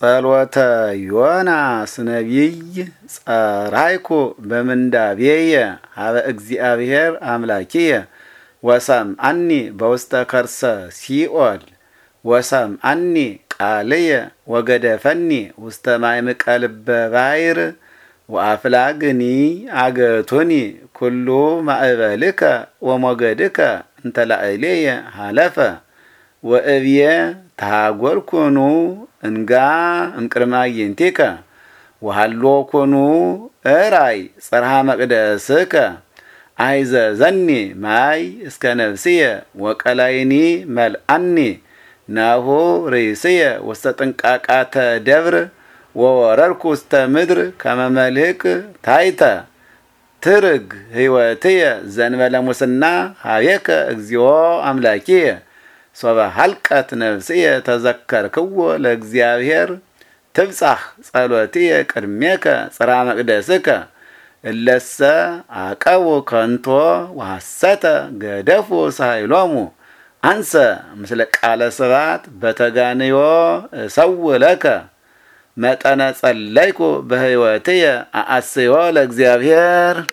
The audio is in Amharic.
ጸሎተ ዮናስ ነቢይ ጸራይኩ በምንዳቤየ ሀበ እግዚአብሔር አምላኪየ ወሰም አኒ በውስተ ከርሰ ሲኦል ወሰም አኒ ቃልየ ወገደፈኒ ውስተ ማይ ልበ ባይር ወአፍላግኒ አገቱኒ ኩሉ ማዕበልከ ወሞገድከ እንተ ሃለፈ ወእብየ ታጎል ኮኑ እንጋ እምቅድመ አዕይንቲከ ወሃሎ ኮኑ እራይ ከ መቅደስከ ዘኒ ማይ እስከ ነፍስየ ወቀላይኒ መልአኒ ናሁ ርእስየ ውስተ ጥንቃቃተ ደብር ወወረርኩ ውስተ ምድር ከመመልክ ታይተ ትርግ ህይወትየ ዘንበለ ሙስና ሀቤከ እግዚኦ አምላኪየ ሶበ ሀልቀት ነፍስየ ተዘከርክዎ ለእግዚአብሔር ትብጻሕ ጸሎትየ ቅድሜከ ጽራ መቅደስከ እለሰ አቀቡ ከንቶ ወሐሰተ ገደፉ ሳይሎሙ አንሰ ምስለ ቃለ ስባት በተጋንዮ እሰው ለከ መጠነ ጸለይኩ በሕይወትየ አአስዮ ለእግዚአብሔር